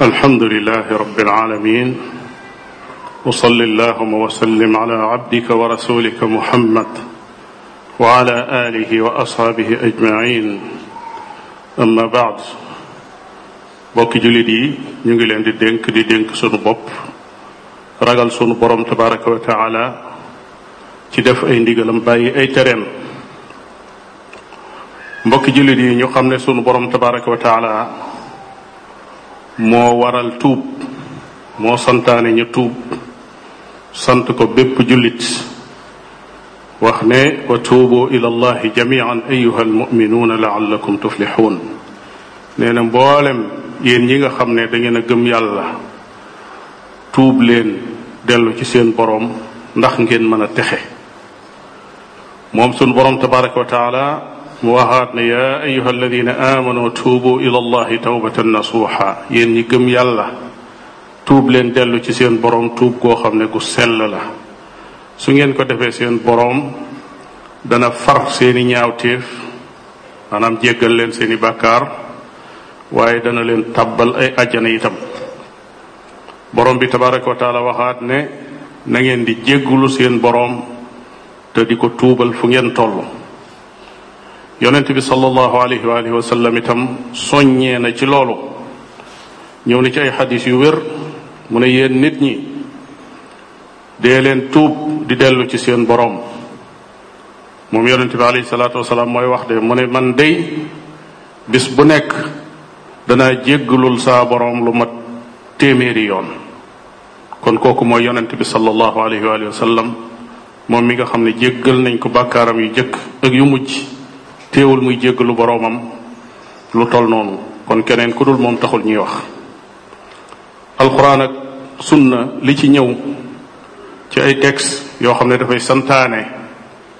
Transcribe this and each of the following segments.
alhamdulilah rabbil aalamiin wa salli allaahumma wa sallim alaa abdika wa rasuulika muhammad wa alaa aalihi wa ashaabihi ajmaiin amma baad bokki jullit yi ñu ngi leen di dénk di dénk sunu bopp ragal sunu borom tabaraka wa taala ci def ay ndigalam bàyyi ay tereem mbokki jullit yi ñu xam ne sunu borom tabaraka wa taala moo waral tuub moo santaane ñu tuub sant ko bépp jullit wax ne wa tuubu ila allahi jamian ayuha la laallakum tuflixuun nee na mboolem yéen ñi nga xam ne dangeen a gëm yàlla tuub leen dellu ci seen boroom ndax ngeen mën a texe moom sunu boroom tabaraka wa taala mu waxaat ne yaa ayuha alladina amanu tuubu ila allahi tawbatan nasuuxa yéen ñi gëm yàlla tuub leen dellu ci seen boroom tuub koo xam ne gu sell la su ngeen ko defee seen boroom dana far seeni ñaawteef maanaam jéggal leen seeni bakkaar waaye dana leen tàbbal ay ajjana itam boroom bi tabaraka wa taala waxaat ne na ngeen di jéggulu seen boroom te di ko tuubal fu ngeen toll yonent bi sallallahu alayhi wa alihi itam soññee na ci loolu ñëw na ci ay xadis yu wér mu ne yéen nit ñi dee leen tuub di dellu ci seen boroom moom yonent bi alayhi salaatu mooy wax de mu ne man dey bis bu nekk danaa jéggalul saa lu mat téeméeri yoon kon kooku mooy yonent bi sallallahu alayhi wa moom mi nga xam ne jéggal nañ ko bakkaaram yu jëkk ak yu mujj teewul muy jéggalu boroomam lu toll noonu kon keneen ku dul moom taxul ñuy wax alxuraan ak sunna li ci ñëw ci ay tex yoo xam ne dafay santaane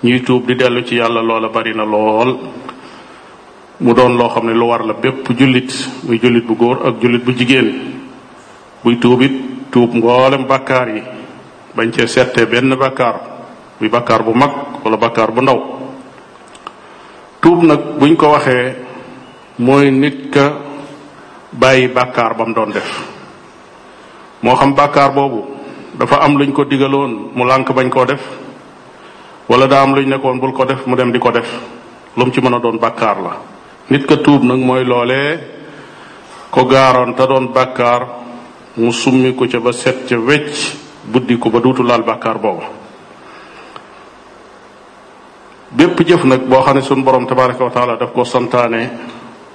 ñuy tuub di dellu ci yàlla loola bari na lool mu doon loo xam ne lu war la bépp jullit muy jullit bu góor ak jullit bu jigéen buy tuubit tuub mboolem bàkkaar yi bañ cee settee benn bàkkaar muy bàkkaar bu mag wala bàkkaar bu ndaw tuub nag buñ ko waxee mooy nit ka bàyyi bàkkaar ba mu doon def moo xam bàkkaar boobu dafa am luñ ko digaloon mu lànk bañ koo def walla daa am luñ nekkoon bul ko def mu dem di ko def lu mu ci mën a doon bàkkaar la nit ka tuub nag mooy loole ko gaaroon te doon bàkkaar mu summi ko ca ba set ca wecc buddi ko ba duutu laal bàkkaar boobu bépp jëf nag boo xam ne suñu borom tabaraka wa taala daf ko santaane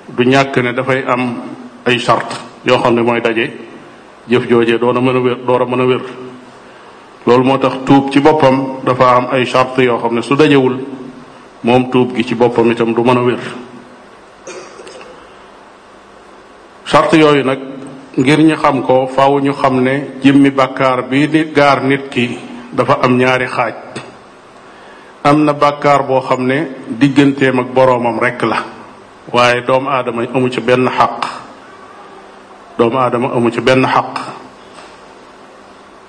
du ñàkk ne dafay am ay charte yoo xam ne mooy daje jëf jooje doon a a wér a mën a wér loolu moo tax tuub ci boppam dafa am ay charte yoo xam ne su dajewul moom tuub gi ci boppam itam du mën a wér charte yooyu nag ngir ñu xam ko faw ñu xam ne jëmmi bàkkaar bi di gaar nit ki dafa am ñaari xaaj am na bàkkaar boo xam ne digganteem ak boroomam rekk la waaye doomu aadama amu ca benn xaq doomu aadama amu benn xaq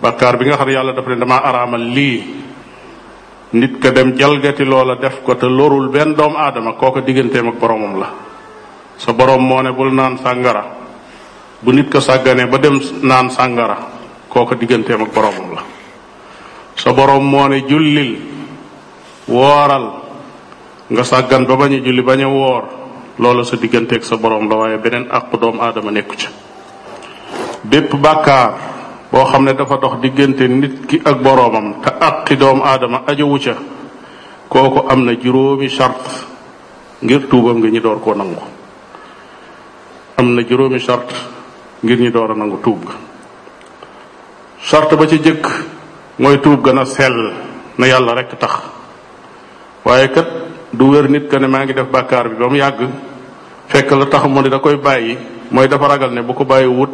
bàkkaar bi nga xam ne yàlla dafa ne damaa araamal lii nit ka dem jalgati loola def ko te lorul benn doomu aadama kooka digganteem ak boroomam la sa boroom moo ne bul naan sàngara bu nit ko sàgganee ba dem naan sàngara kooka digganteem ak boroomam la sa boroom moo ne jullil wooral nga sàggan ba bañ a julli bañ a woor loola sa digganteeg sa borom la waaye beneen àqu doomu aadama nekku ca bépp bàkkaar boo xam ne dafa dox diggante nit ki ak boroomam te àqi doomu aadama ajawu ca kooku am na juróomi chart ngir tuubam nga ñi door koo nangu am na juróomi chart ngir ñi door a nangu tuub ga chart ba ci jëkk mooy tuub gën a sell na yàlla rekk tax waaye kat du wér nit que ne maa ngi def bàkkaar bi ba mu yàgg fekk la tax mu ne da koy bàyyi mooy dafa ragal ne bu ko bàyyi wut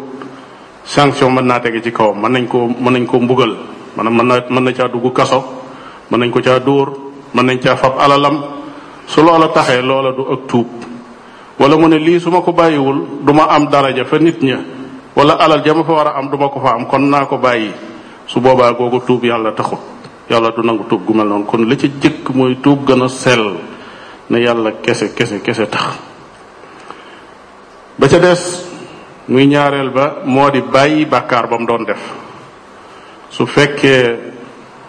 sanction mën naa tege ci kawam mën nañ koo mën nañ koo mbugal maanaam mën na mën na caa dugg kaso mën nañ ko caa dóor mën nañ caa fab alalam su loola taxee loola du ak tuub wala mu ne lii su ma ko bàyyiwul du ma am daraja fa nit ña wala alal ja ma fa war a am du ma ko fa am kon naa ko bàyyi su boobaa googu tuub yàlla taxut yàlla du nangu tuub gu mel noonu kon li ci jëkk mooy tuub gën a sell ne yàlla kese kese kese tax ba ca des muy ñaareel ba moo di bàyyi bàkkaar ba mu doon def su fekkee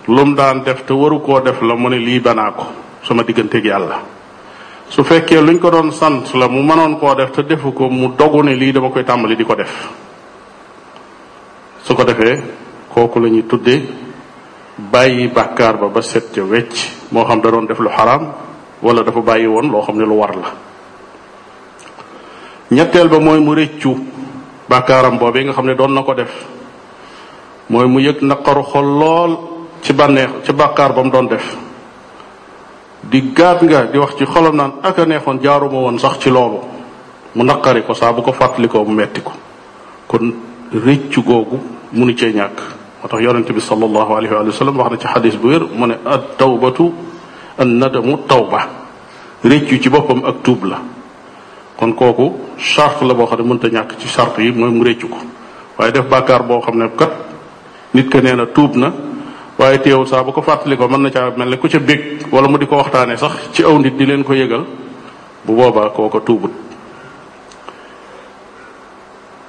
lum daan def te waru koo def la mu ne lii banaa ko sama digganteeg yàlla su fekkee luñ ko doon sant la mu mënoon koo def te defu ko mu dogu ne lii dama koy tàmbali di ko def su ko defee kooku lañuy ñuy tudde bàyyi bàkkaar ba ba set ca wecc moo xam da doon def lu xaraam wala dafa bàyyi woon loo xam ne lu war la ñetteel ba mooy mu rëccu bàkkaaram boobee nga xam ne doon na ko def mooy mu yëg naqaru xol lool ci bànneex ci bàkkaar ba mu doon def di gaat nga di wax ci xolam naan ak a neexoon jaaruma woon sax ci loolu mu naqari ko saa bu ko fàttalikoo mu metti ko kon rëccu googu munu cee ñàkk moo tax yonente bi sallallahu alayhi wa sallam wax na ci xadis bu wér mu ne at tawbatu an nadamu tawba réccu ci boppam ak tuub la kon kooku charte la boo xam ne mënta ñàkk ci charte yi mooy mu réccu ko waaye def bàkkaar boo xam ne kat nit ka nee na tuub na waaye teewul saa bu ko fàttali ko mën na caa mel ne ku ca bég wala mu di ko waxtaane sax ci aw nit di leen ko yëgal bu boobaa kooka tuubut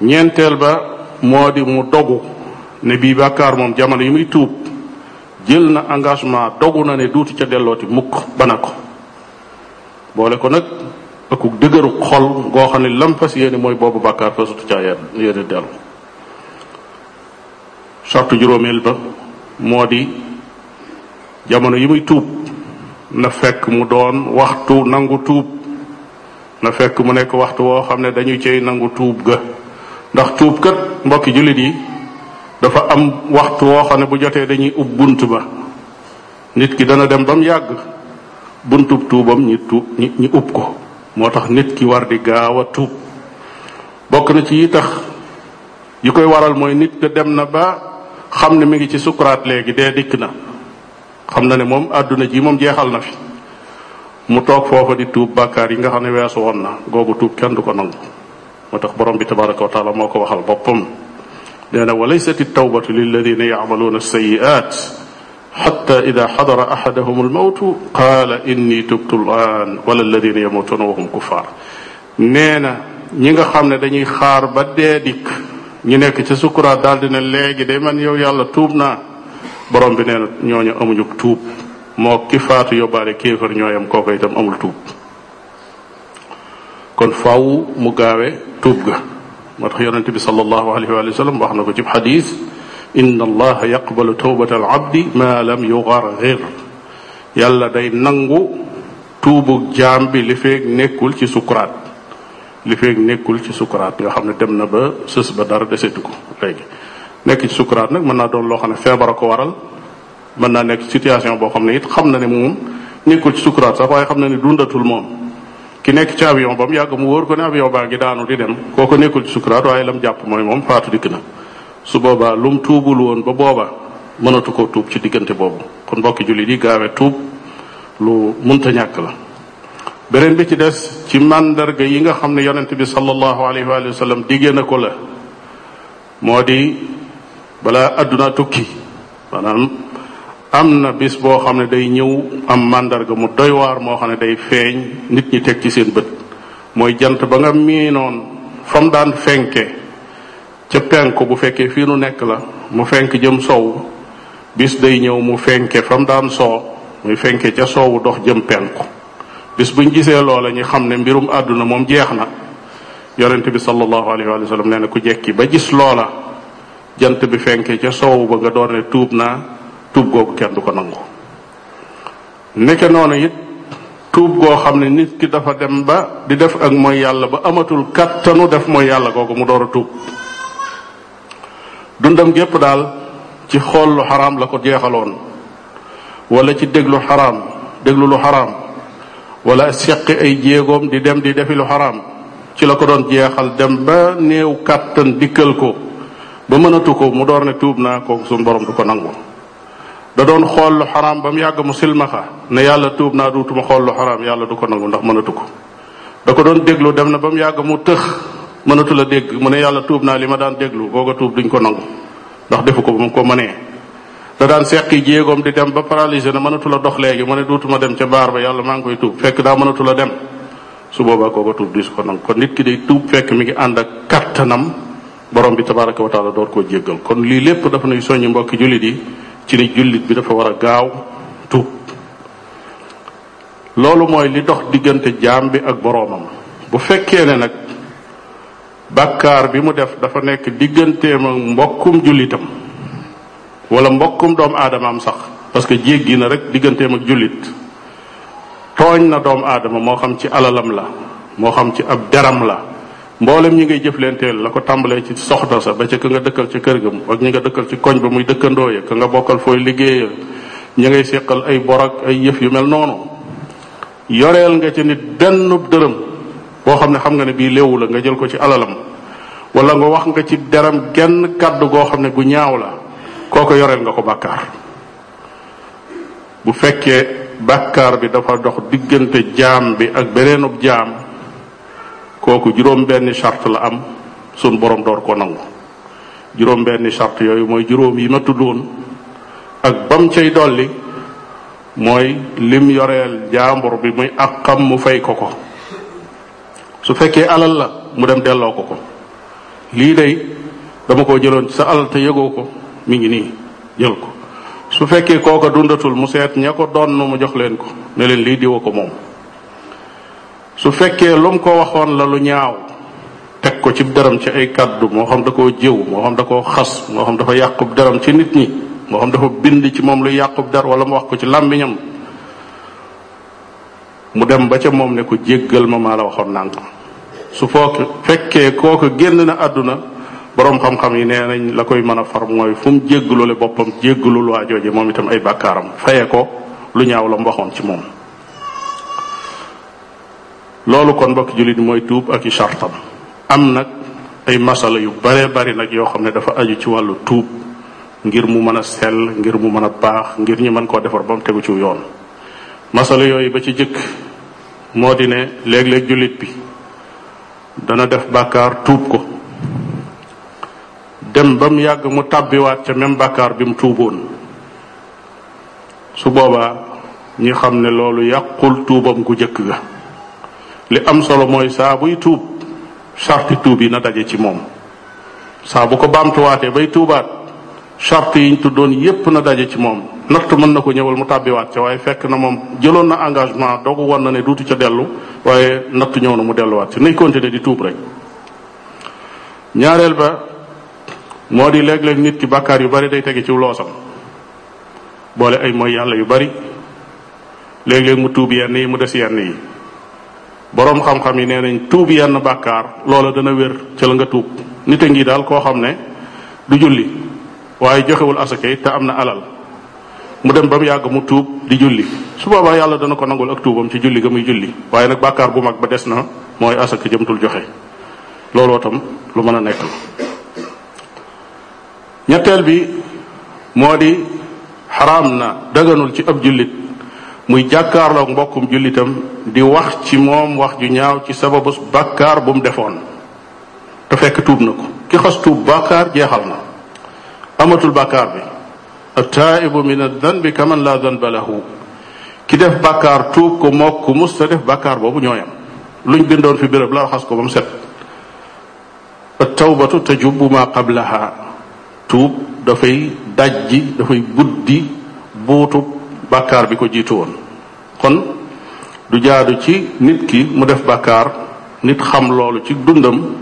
ñeenteel ba moo di mu dogu ne bii bàkkaar moom jamono yi muy tuub jël na engagement dogu na ne duuti ca dellooti mukk bana ko boole ko nag akuk dëgëru xol ngoo xam ne lam fas mooy boobu bàkkaar fasutu caa yéene dellu sartu juróomeel ba moo di jamono yi muy tuub na fekk mu doon waxtu nangu tuub na fekk mu nekk waxtu woo xam ne dañu cey nangu tuub ga ndax tuub kat mbokki jullit yi dafa am waxtu woo xam ne bu jotee dañuy ub bunt ba nit ki dana dem ba mu yàgg buntub tuubam ñi tuub ub ko moo tax nit ki war di gaaw a tuub bokk na ci yi tax yi koy waral mooy nit ki dem na ba xam ne mi ngi ci sukuraat léegi dee dikk na xam na ne moom àdduna ji moom jeexal na fi mu toog foofa di tuub bàkkaar yi nga xam ne weesu woon na googu tuub kenn du ko nangu moo tax borom bi tabaraka taala moo ko waxal boppam nee na walaysat altawbatu liladina yacmaluuna alsayiat xata ida xadara axadahum almawtu qaala inni tubtu alan wala alladina yamutuuna wahum kuffar nee na ñi nga xam ne dañuy xaar ba dee dikk nekk ca sukura daal dina léegi de man yow yàlla tuub naa borom bi nee na ñooñu amuñu tuub moo ki faatu yóbbaale kéefar ñooyam kooku itam amul tuub kon faaw mu gaawe tuub moo tax yonente bi sallallahu alayhi wa sallam wax na ko ci xadis inna allaha yaqbalu tawbata al abdi ma lam yugargir yàlla day nangu tuubu jaam bi li feeg nekkul ci sukuraat li feeg nekkul ci sukuraat nga xam ne dem na ba sës ba dara desetu ko léegi ci sukuraat nag mën naa doon loo xam ne feebar ko waral mën naa nekk situation boo xam ne it xam na ne moom nekkul ci sukuraat sax waaye xam na ne dundatul moom ki nekk ci avion ba mu yàgg mu wóor ko ne avion baa ngi daanu di dem kooko nekkul ci waaye lam jàpp mooy moom faatu dikk na su boobaa lu mu tuubul woon ba booba mënatu koo tuub ci diggante boobu kon mbokki jullit yi gaawe tuub lu munta ñàkk la beneen bi ci des ci màndarga yi nga xam ne yonent bi sallallahu alayhi wa sallam diggee na ko la moo di balaa adduna tukki maanaam am na bis boo xam ne day ñëw am màndarga mu doy waar moo xam ne day feeñ nit ñi teg ci seen bët mooy jant ba nga miinoon fa mu daan fenke ca penku bu fekkee fii nu nekk la mu fenk jëm soow bis day ñëw mu fenke fa daan soo muy fenke ca soowu dox jëm penku bis ñu gisee loola ñu xam ne mbirum àdduna moom jeex na yonent bi sallallahu alayhi wa sallam nee na ku jekki ba gis loola jant bi fenke ca soow ba nga doon ne tuub naa tuub googu kenn du ko nangu neke noonu it tuub goo xam ne nit ki dafa dem ba di def ak mooy yàlla ba amatul kàttanu def mooy yàlla googu mu door a tuub dundam gépp daal ci xool lu xaraam la ko jeexaloon wala ci déglu xaraam déglu lu xaraam wala seqi ay jéegoom di dem di defi xaraam ci la ko doon jeexal dem ba néew kàttan dikkal ko ba mënatu ko mu door ne tuub naa kooku suñu borom du ko nangu da doon xool lu xaraam ba mu yàgg mu silmaxa ne yàlla tuub naa duutuma xool lu yàlla du ko nangu ndax mënatu ko da ko doon déglu dem na ba mu yàgg mu tëx mënatu la dégg mu ne yàlla tuub naa li ma daan déglu googa tuub ko nangu ndax defu ko ba mu ko mënee da daan seqi jéegoom di dem ba paralysé na mënatu la dox léegi mu ne duutuma dem ca baar ba yàlla maa ngi koy tuub fekk daa mënatu la dem su boobaa kooka tuub di su ko nangu kon nit ki day tuub fekk mi ngi ànd ak kattanam borom bi tabaraka wa taala door koo jéggal kon lii lépp dafa nuy soññi mbokki jullit yi ci ne jullit bi dafa war a gaaw tuub loolu mooy li dox diggante jaam bi ak boroomam bu fekkee ne nag bàkkaar bi mu def dafa nekk digganteem ak mbokkum jullitam wala mbokkum doomu aadama am sax parce que jéggi na rek digganteem ak jullit tooñ na doomu aadama moo xam ci alalam la moo xam ci ab deram la mboolem ñi ngay jëflenteel la ko tàmbalee ci soxna sa ba ca ka nga dëkkal ca kër gi gam ak ñi nga dëkkal ci koñ ba muy dëkkandoo ya ka nga bokkal fooy liggéeya ñi ngay seqal ay bor ay yëf yu mel noonu yoreel nga ci nit benn dërëm boo xam ne xam nga ne bii léewu la nga jël ko ci alalam wala nga wax nga ci deram genn kàddu goo xam ne gu ñaaw la kooko yoreel nga ko bàkkaar bu fekkee bàkkaar bi dafa dox diggante jaam bi ak beneenub jaam kooku juróom-benni charte la am sun boroom door ko nangu juróom-benni charte yooyu mooy juróom yi ma tuddoon ak bam cay dolli mooy lim yoreel jaambur bi muy ak xam mu fay ko ko su fekkee alal la mu dem delloo ko ko lii day dama ko jëloon ci sa alal te yëgoo ko mi ngi nii jël ko su fekkee kooka dundatul mu seet ña ko doon mu jox leen ko ne leen lii diwa ko moom su fekkee lu mu ko waxoon la lu ñaaw teg ko ci deram ci ay kàddu moo xam da koo jëw moo xam da koo xas moo xam dafa yàqub deram ci nit ñi moo xam dafa bind ci moom lu yàqub der wala mu wax ko ci làmmiñam mu dem ba ca moom ne ko jéggal ma maa la waxoon nangam su fook fekkee kooku génn na àdduna boroom xam-xam yi nee nañ la koy mën a far mooy fu mu jéggalule boppam jéggalul waa jooje moom itam ay bàkkaaram faye ko lu ñaaw la mu waxoon ci moom loolu kon mbokk jullit mooy tuub ak i chartam am nag ay masala yu bare bari nag yoo xam ne dafa aju ci wàllu tuub ngir mu mën a sell ngir mu mën a baax ngir ñi mën koo defar ba mu tegu ci yoon masala yooyu ba ci jëkk moo di ne léeg-léeg jullit bi dana def bàkkaar tuub ko dem ba mu yàgg mu tàbbiwaat ca même bàkkaar bi mu tuuboon su booba ñi xam ne loolu yàqul tuubam gu jëkk ga li am solo mooy saa buy tuub sarti tuub yi na daje ci moom saa bu ko baamtuwaatee bay tuubaat sarti yiñ tuddoon yépp na daje ci moom natt mën na ko ñëwal mu tàbbiwaat ci waaye fekk na moom jëloon na engagement doogu woon na ne duutu ca dellu waaye natt ñëw na mu delluwaat ci nay continuer di tuub rek ñaareel ba moo di léeg-léeg nit ki bàkkaar yu bari day tege ci loosam boole ay mooy yàlla yu bari léeg-léeg mu tuub yenn yi mu des yenn yi boroom xam-xam yi nee nañ tuub yenn bàkkaar loola dana wér ca la nga tuub nit a ngi daal koo xam ne du julli waaye joxewul asaka te am na alal mu dem ba mu yàgg mu tuub di julli su boobaa yàlla dana ko nangul ak tuubam ci julli ga muy julli waaye nag bàkkaar bu mag ba des na mooy asaka jëmtul joxe looloo tam lu mën a nekk la ñetteel bi moo di xaraam na daganul ci ab jullit muy jàkkaarlook mbokkum jullitam di wax ci moom wax ju ñaaw ci sababu bàkkaar bu mu defoon te fekk tuub na ko ki xas tuub bàkkaar jeexal na amatul bàkkaar bi attaibu min addanbi kaman la danba lahu ki def bàkkaar tuub ko mook ku mus ta def bàkkaar boobu ñooyam luñ bindoon fi béréb la ko ba mu set attawbatu tajubbu ma qablaha tuub dafay dajji dafay buddi buutub bàkkaar bi ko jiitu woon kon du jaadu ci nit ki mu def bàkkaar nit xam loolu ci dundam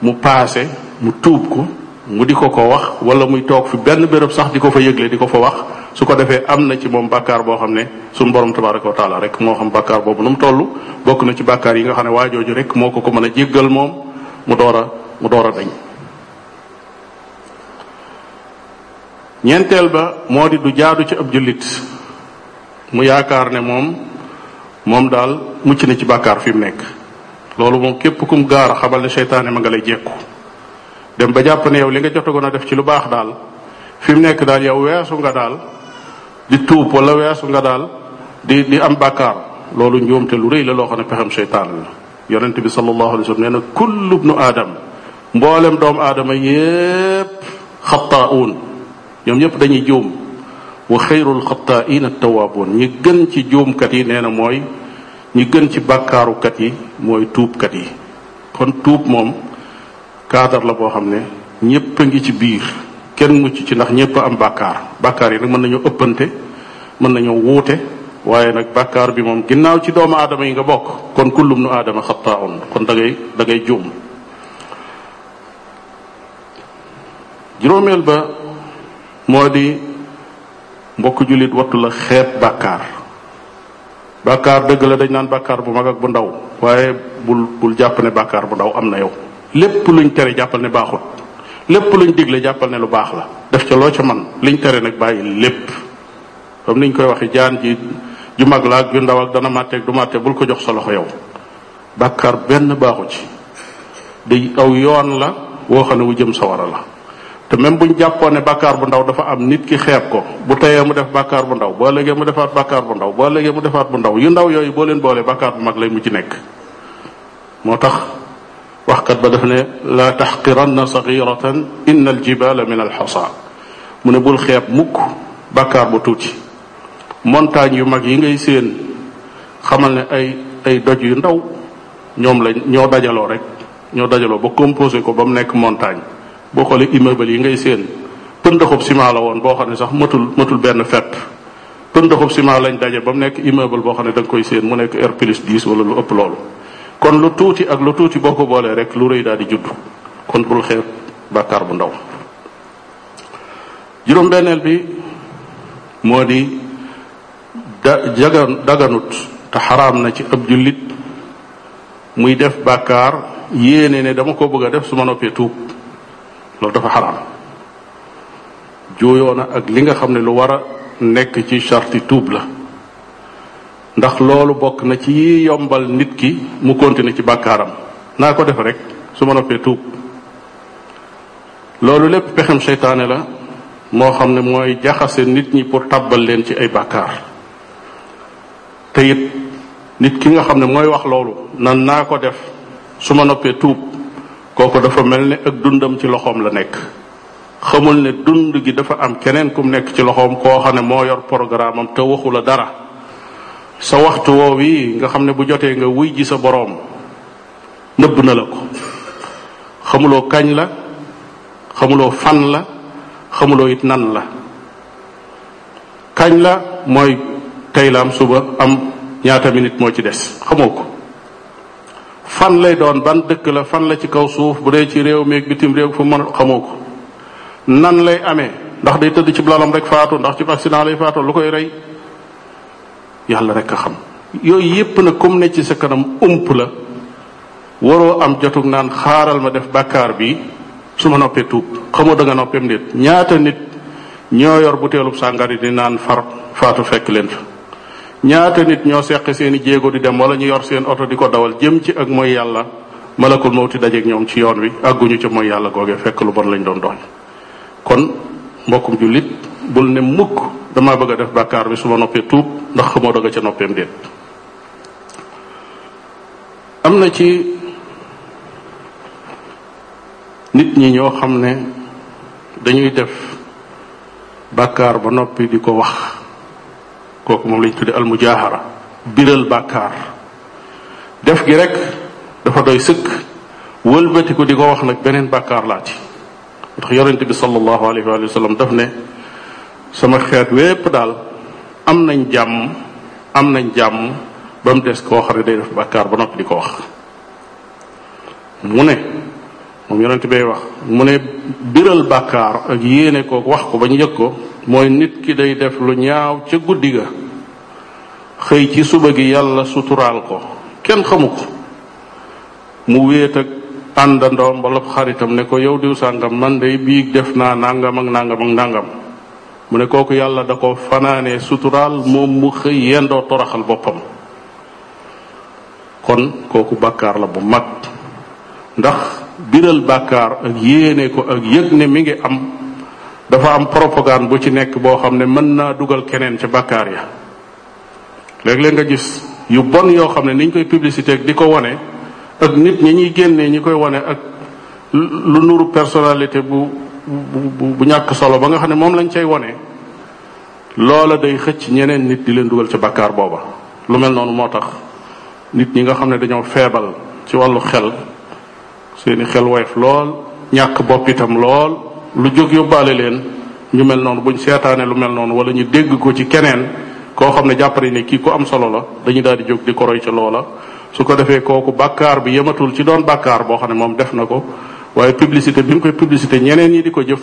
mu paase mu tuub ko mu di ko ko wax wala muy toog fi benn béréb sax di ko fa yëgle di ko fa wax su ko defee am na ci moom bàkkaar boo xam ne suñu borom tabaraka wa taala rek moo xam bàkkaar boobu nu mu toll bokk na ci bàkkaar yi nga xam ne waa jooju rek moo ko ko mën a jéggal moom mu door a mu door a dañ ñeenteel ba moo di du jaadu ci ab jullit mu yaakaar ne moom moom daal mucc na ci bàkkaar fi mu nekk loolu moom képp kum gaar xabal ne seytaane ma nga lay jekku dem ba jàpp ne yow li nga jotagoon a def ci lu baax daal fi mu nekk daal yow weesu nga daal di tuub walla weesu nga daal di di am bàkkaar loolu njuumte lu rëy la loo xam ne pexem seytaane la yonent bi sallallahu alayhi wa sallam nee na kullu bnu aadam mboolem doomu aadama yépp xataa'uun ñoom ñëpp dañuy juum wa xayrul xataa'ina tawaaboon ñi gën ci juumkat yi nee na mooy ñi gën ci bàkkaarukat yi mooy tuubkat yi kon tuub moom cadre la boo xam ne ñépp ngi ci biir kenn mucc ci ndax ñépp am bàkkaar bàkkaar yi nag mën nañoo ëppante mën nañoo wuute waaye nag bàkkaar bi moom ginnaaw ci doomu aadama yi nga bokk kon kullum nu aadama xataa'un kon da dangay da juróomeel ba moo di mbokk jullit wattu la xeet bàkkaar bàkkaar dëgg la dañ naan bàkkaar bu mag ak bu ndaw waaye bul bul jàpp ne bàkkaar bu ndaw am na yow lépp luñ tere jàppal ne baaxut lépp luñ digle jàppal ne lu baax la def ca loo ca man liñ tere nag bàyyi lépp comme niñ koy waxe jaan ji ju mag la ak ju ndaw ak dana màtteeg du màtte bul ko jox sa loxo yow bàkkaar benn baaxu ci di aw yoon la woo xam ne wu jëm sawara la te même bu ñu jàppoon ne bàkkaar bu ndaw dafa am nit ki xeeb ko bu teyee mu def bàkkaar bu ndaw boo léegee mu defaat bàkkaar bu ndaw boo léegee mu defaat bu ndaw yu ndaw yooyu boo leen boolee bàkkaar bu mag lay mujj nekk moo tax waxkat ba daf ne laa taxqiranna saxiratan inna aljibala min alxasa mu ne bul xeeb mukk bàkkaar bu tuuti montagne yu mag yi ngay séen xamal ne ay ay doj yu ndaw ñoom lañ ñoo dajaloo rek ñoo dajaloo ba composé ko ba mu nekk montagne boo xoolee immeuble yi ngay seen pëndaxub ciment la woon boo xam ne sax matul matul benn fepp pëndaxub ciment lañ daje ba mu nekk immeuble boo xam ne da koy séen mu nekk R plus 10 wala lu ëpp loolu kon lu tuuti ak lu tuuti boo ko boolee rek lu rëy daal di judd kon bul xeeb bàkkaar bu ndaw juróom-benneel bi moo di da jagan daganut te xaraam na ci ab jullit muy def bàkkaar yéene ne dama ko bëgg a def suma noppee tuub loolu dafa xaraam juuyoo na ak li nga xam ne lu war nekk ci charti tuub la ndax loolu bokk na ci yombal nit ki mu continuer ci bàkkaaram naa ko def rek su ma noppee tuub loolu lépp pexem seytaane la moo xam ne mooy jaxase nit ñi pour tàbbal leen ci ay bàkkaar te nit ki nga xam ne mooy wax loolu nan naa ko def su noppee tuub kooku dafa mel ni ak dundam ci loxoom la nekk xamul ne dund gi dafa am keneen kum nekk ci loxoom koo xam ne moo yor programme am te waxu la dara sa waxtu woow yi nga xam ne bu jotee nga wuy ji sa boroom nëbb na la ko xamuloo kañ la xamuloo fan la xamuloo it nan la kañ la mooy tey la am suba am ñaata minute moo ci des xamoo ko fan lay doon ban dëkk la fan la ci kaw suuf bu dee ci réew mi ak bitim réew fu mën xamoo ko nan lay amee ndax day tëdd ci blalam rek faatu ndax ci accident lay faatu lu koy rey yàlla rek a xam yooyu yépp nag comme ne ci sa kanam ump la waroo am jotug naan xaaral ma def bakkaar bi su ma noppee tuub xamoo da nga noppeem nit ñaata nit ñoo yor bu teelub sàngari di naan far faatu fekk leen fa ñaata nit ñoo seq seeni jéego di dem wala ñu yor seen oto di ko dawal jëm ci ak mooy yàlla ma malakul mawti dajeeg ñoom ci yoon wi àgguñu ca mooy yàlla googee fekk lu bon lañu doon doon kon mbokkum jullit bul ne mukk dama bëgg a def bàkkaar bi su ma noppee tuub ndax xamoo doge ca noppeem déet am na ci nit ñi ñoo xam ne dañuy def bàkkaar ba noppi di ko wax kooku moom lañ tudde almujaahara biral bàkkaar def gi rek dafa doy sëkk wëlbatiku di ko wax nag beneen bàkkaar laati ndax yonente bi sallallahu alayhi wa sallam daf ne sama xeet wépp daal am nañ jàmm am nañ jàmm ba des koo xam ne day def bàkkaar ba noppi di ko wax mu ne moom yonente bay wax mu ne biral bàkkaar ak yéene ko wax ko ba ñu yëg ko mooy nit ki day def lu ñaaw ca guddi ga xëy ci suba gi yàlla suturaal ko kenn xamu ko mu wéet ak àndandoom wala xaritam ne ko yow diw sàngam man day biig def naa nangam ak nangam mu ne kooku yàlla da ko fanaane suturaal moom mu xëy yendoo toraxal boppam kon kooku bàkkaar la bu mag ndax biral bàkkaar ak yéene ko ak yëg ne mi ngi am dafa am propagande bu ci nekk boo xam ne mën naa dugal keneen ca bàkkaar ya léeg-léeg nga gis yu bon yoo xam ne ni koy publicité ak di ko wane ak nit ñi ñuy génnee ñi koy wane ak lu nuru personnalité bu bu ñàkk solo ba nga xam ne moom lañ cay wane loola day xëcc ñeneen nit di leen dugal ca bakkaar booba lu mel noonu moo tax nit ñi nga xam ne dañoo feebal ci wàllu xel seeni xel woyof lool ñàkk bopp itam lool lu jóg yóbbaale leen ñu mel noonu buñ seetaane lu mel noonu wala ñu dégg ko ci keneen koo xam ne jàppare ne kii ku am solo la dañu daal di jóg di ko roy ca loola su ko defee kooku bàkkaar bi yematul ci doon bàkkaar boo xam ne moom def na ko waaye publicité bi mu koy publicité ñeneen ñi di ko jëf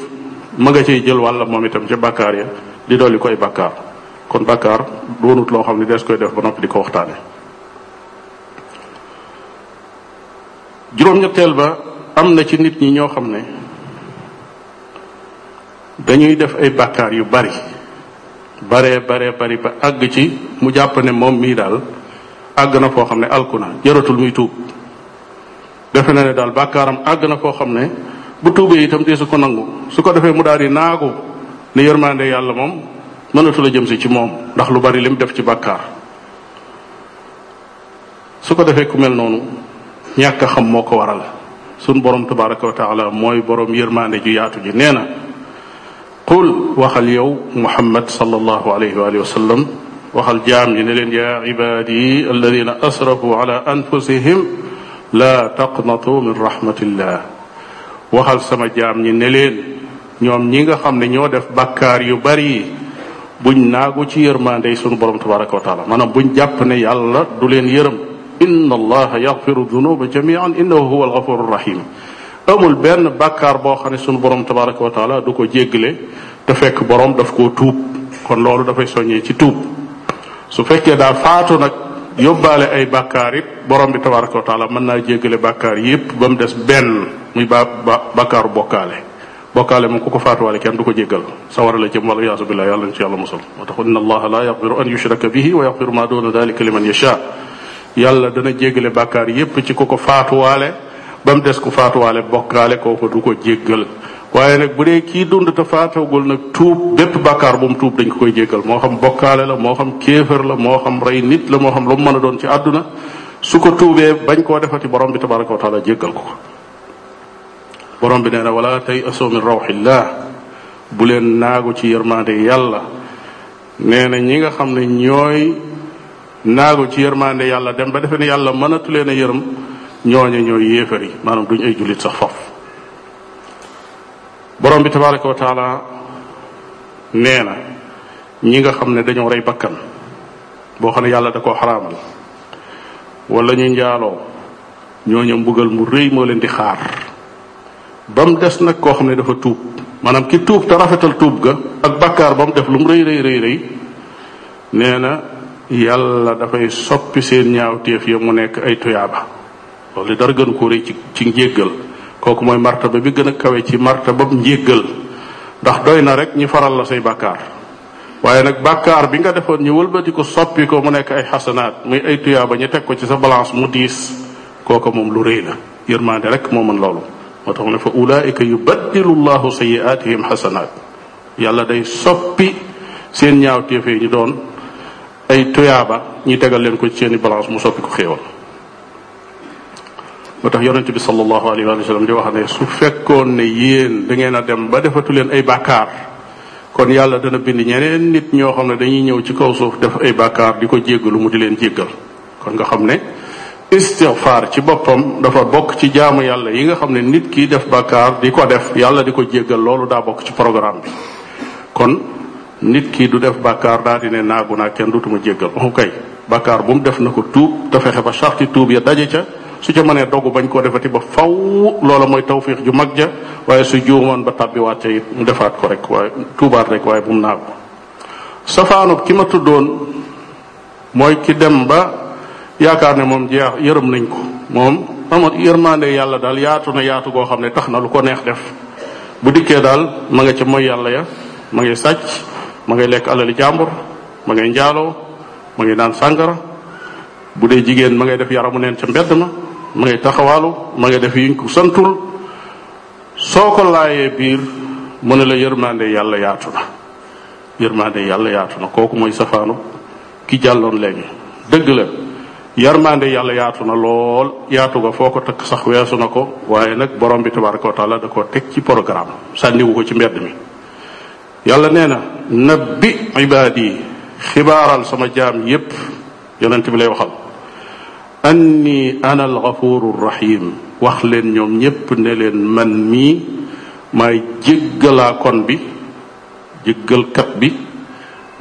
ma nga cay jël wàlla moom itam ca bàkkaar ya di dool dolli koy bàkkaar kon bàkkaar doonut loo xam ne dees koy def ba noppi di ko waxtaane juróom-ñetteel ba am na ci nit ñi ñoo xam ne dañuy def ay bàkkaar yu bari bare baree bari ba àgg ci mu jàpp ne moom mii daal àgg na foo xam ne alku na jaratul muy tuub defe na ne daal bàkkaaram àgg na foo xam ne bu tuubee itam te su ko nangu su ko defee mu daal yi naagu ne yërmande yàlla moom mënatul a jëm si ci moom ndax lu bari lim def ci bàkkaar su ko defee ku mel noonu ñàkk xam moo ko waral sun borom tabaraka wa mooy borom yërmande ju yaatu ji nee na qul waxal yow muhammad sallallahu alayhi wa alihi wa sallam waxal jaam ñi ne leen yaa ibaadi alladina asrafu ala anfusihim laa taqnatu min rahmatillah waxal sama jaam ñi ne leen ñoom ñi nga xam ne ñoo def bakkaar yu bari yi buñ naagu ci yërmaandey sunu borom tabaraka wa taala maanaam buñ jàpp ne yàlla du leen yërëm inna allaha yaxfiru dunuba jamian innahu huwa alxafuru rahim amul benn bàkkaar boo xam ne sunu borom tabaraka wa taala du ko jéggale te fekk boroom daf koo tuub kon loolu dafay soññee ci tuub su fekkee daa faatu nag yóbbaale ay bàkkaar it borom bi tabaraka wa taala mën naa jéggale bàkkaar yépp ba mu des benn muy ba bàkkaaru bokkaale bokkaale moom ku ko faatuwaale kenn du ko jéggal sawara la jëm wala yaasu billah yàlla ñu ci yàlla musal moo tax inna yépp ci ku ko faatuwaale ba mu des ku faatuwaale bokkaale kooku du ko jéggal waaye nag bu dee kii dund te faatagul nag tuub bépp bàkkaar bu tuub dañ ko koy jéggal moo xam bokkaale la moo xam kéefër la moo xam rey nit la moo xam lu mu mën a doon ci àdduna su ko tuubee bañ koo defati borom bi tabaraka wa taala jéggal ko ko borom bi nee na wala tey asoo min bu leen naagu ci yërmande yàlla nee na ñi nga xam ne ñooy naagu ci yërmande yàlla dem ba defe ne yàlla mënatu leen a yërëm ñooña ñooy yéefar yi maanaam duñ ay jullit sax foofu borom bi tabaraka wa taala nee na ñi nga xam ne dañoo rey bakkan boo xam ne yàlla da koo xaraamal wala ñu njaaloo ñooñu mbugal mu rëy moo leen di xaar ba mu des nag koo xam ne dafa tuub maanaam ki tuub te rafetal tuub ga ak bakkaar ba mu def lu mu rëy rëy rëy rëy nee na yàlla dafay soppi seen ñaawteef ya mu nekk ay tuyaaba loolu dara gën ko rëy ci ci njéggal kooku mooy martaba bi gën a kawe ci martabab njéggal ndax doy na rek ñu faral la say bàkkaar waaye nag bàkkaar bi nga defoon ñu wëlbati ko soppi ko mu nekk ay xasanaat muy ay tuyaaba ñu teg ci sa balance mu diis kooka moom lu rëy la yërmaande rek moo mën loolu moo tax mu ne fa ulaayika yubaddilu llahu sayiatihim xasanaat yàlla day soppi seen ñaawteef yi ñu doon ay ñu tegal leen ko ci seeni balance mu soppi ko xéewal moo tax yonente bi sallallahu alayhi wa sallam di wax ne su fekkoon ne yéen da ngeen a dem ba defatu leen ay bàkkaar kon yàlla dana bind ñeneen nit ñoo xam ne dañuy ñëw ci kaw suuf def ay bàkkaar di ko jéggalu mu di leen jéggal kon nga xam ne istighfar ci boppam dafa bokk ci jaamu yàlla yi nga xam ne nit ki def bàkkaar di ko def yàlla di ko jéggal loolu daa bokk ci programme bi kon nit ki du def bàkkaar daa di ne naagu naa kenn dutuma jéggal kay bàkkaar bu mu def na ko tuub te fexe ba sarti tuub ya daje ca su ca mënee dogg bañ koo defati ba faw loola mooy tawfiix ju mag ja waaye su juumoon ba tàbbiwaat ca it mu defaat ko rek waaye tuubaat rek waaye bu mu naa ko ki ma tuddoon mooy ki dem ba yaakaar ne moom jeex yërëm nañ ko moom ama yërmaande yàlla daal yaatu na yaatu goo xam ne tax na lu ko neex def bu dikkee daal ma nga ca mooy yàlla ya ma ngay sàcc ma ngay lekk alali jàmbur ma ngay njaaloo ma ngay naan sàngara bu dee jigéen ma ngay def yaramu neen ca mbedd ma ma ngay taxawaalu ma ngay def yiñ ko santul soo ko laayee biir mu ne la yërmande yàlla yaatu na yërmande yàlla yaatu na kooku mooy safaanu ki jàlloon léegi dëgg la yërmande yàlla yaatu na lool yaatu ko foo ko takk sax weesu na ko waaye nag borom bi tabaraka wa koo teg ci programme sànniwu ko ci mbedd mi yàlla nee na nabbi ibaad yi xibaaral sama jaam yépp yonent bi lay waxal anni ana alxafuru rahim wax leen ñoom ñépp ne leen man mii may jéggalaa kon bi jéggalkat bi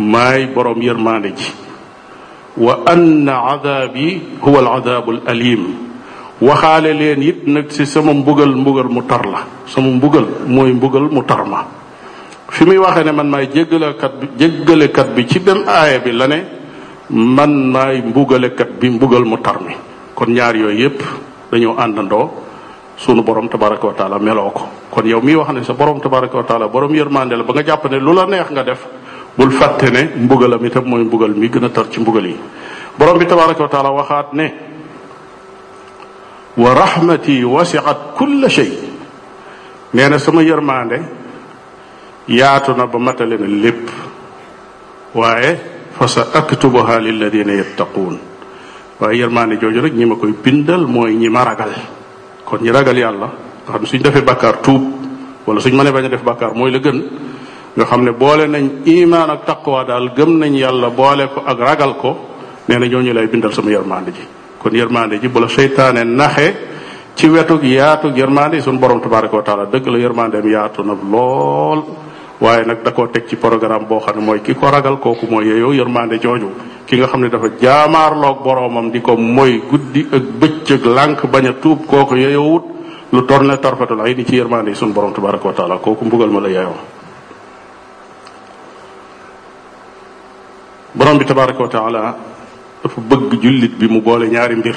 maay boroom yërmaande ji wa anna adaabi huwa aladabu al alim waxaale leen it nag ci sama mbugal mbugal mu tar la sama mbugal mooy mbugal mu tar ma fi muy waxee ne man maay jéggalekat bi bi ci benn aaya bi la ne man naay mbugalekat bi mbugal mu tar mi kon ñaar yooyu yépp dañoo àndandoo sunu borom tabaraka wa taala meloo ko kon yow mi wax ne sa borom tabaraka wa taala borom yërmande la ba nga jàpp ne lu la neex nga def bul fàtte ne mbugalam itam mooy mbugal mi gën a tar ci mbugal yi borom bi tabaraka wa taala waxaat ne wa rahmati wasiat kulla shay nee na sama yërmande yaatu na ba matale na lépp waaye fa sa aktubuha lilladina yattaquun waaye yërmaane jooju rek ñi ma koy bindal mooy ñi ma ragal kon ñi ragal yàlla nga xam ne suñ defee bàkkaar tuub wala suñ ma bañ def bàkkaar mooy la gën nga xam ne boole nañ imaan ak taqwa daal gëm nañ yàlla boole ko ak ragal ko nee na ñooñu lay bindal sama yërmaande ji kon yërmaande ji bu la seytaane naxe ci wetug yaatug yërmaande yi suñ borom tabaraka wa taala dëgg la yërmaandeem yaatu na lool waaye nag da koo teg ci programme boo xam ne mooy ki ko ragal kooku mooy yeeyoo yërmande jooju ki nga xam ne dafa jaamaarloog boroomam di ko mooy guddi ak bëccëg lànk bañ a tuub kooku yeyoowut lu torne tarfatul ay ni ci yërmande yi sunu borom tabaraka wa taala kooku mbugal ma borom bi tabaraka wa taala dafa bëgg jullit bi mu boole ñaari mbir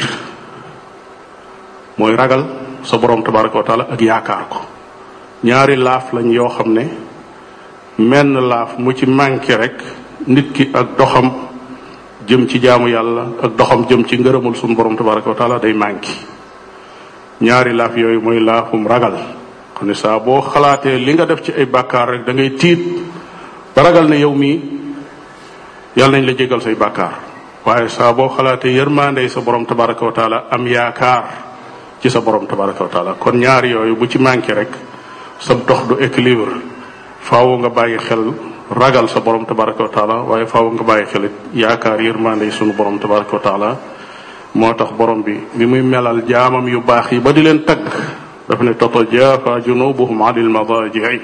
mooy ragal sa borom tabaraka wa taala ak yaakaar ko ñaari laaf lañ yoo xam ne menn laaf mu ci manqué rek nit ki ak doxam jëm ci jaamu yàlla ak doxam jëm ci ngërëmul sunu borom tabaraka wa taala day manqué ñaari laaf yooyu mooy laafum ragal xam saa boo xalaatee li nga def ci ay bàkkaar rek da tiit ba ragal ne yow mii yàlla nañ la jégal say bàkkaar waaye saa boo xalaatee yërmaandey sa borom tabaraka wa taala am yaakaar ci sa borom tabaraka kon ñaari yooyu bu ci manqué rek sa dox du équilibre faaw nga bàyyi xel ragal sa borom tabaraka wa taala waaye faaw nga bàyyi xel it yaakaar yërmande yi sunu borom tabaraka wa taala moo tax boroom bi bi muy melal jaamam yu baax yi ba di leen tag daf ne tatajaafa junubuhum anil madaaji'i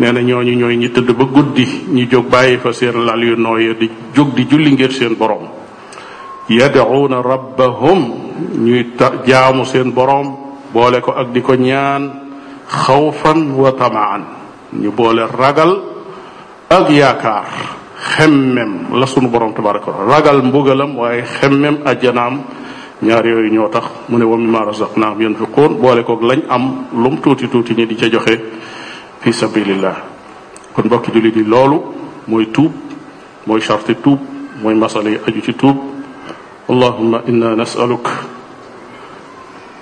nee na ñooñu ñooy ñi tëdd ba guddi ñi jóg bàyyi fa seen lal yu nooye di jóg di julli ngir seen borom yad'uuna rabbahum ñuy jaamu seen boroom boole ko ak di ko ñaan xawfan wa tamaan ñu boole ragal ak yaakaar xemmem la sunu borom tabaraka ragal mbugalam waaye xemmem ajjanaam ñaar yooyu ñoo tax mu ne wa mimma razaqnaahum yunfiquun boole koog lañ am lum tuuti tuuti ñi di ca joxe fi sabilillah kon mbokki jullit yi loolu mooy tuub mooy charte tuub mooy masala yi aju ci tuub allahumma inna nasaluk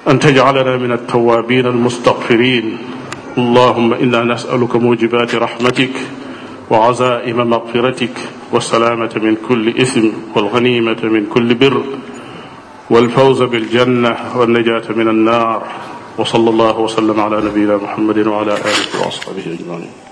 an tajcalana min altawabin almustaghfirin allahuma inna nasaluka mujibaati raxmatik wa azaima magfiratik walsalaamata min kulli ism walganimata min kulli bir walfawza biljanna wannajaata min annar wa sallallahu wa sallam ala nabiyina muhammadin wa ala alihi wa ashabihi ajmain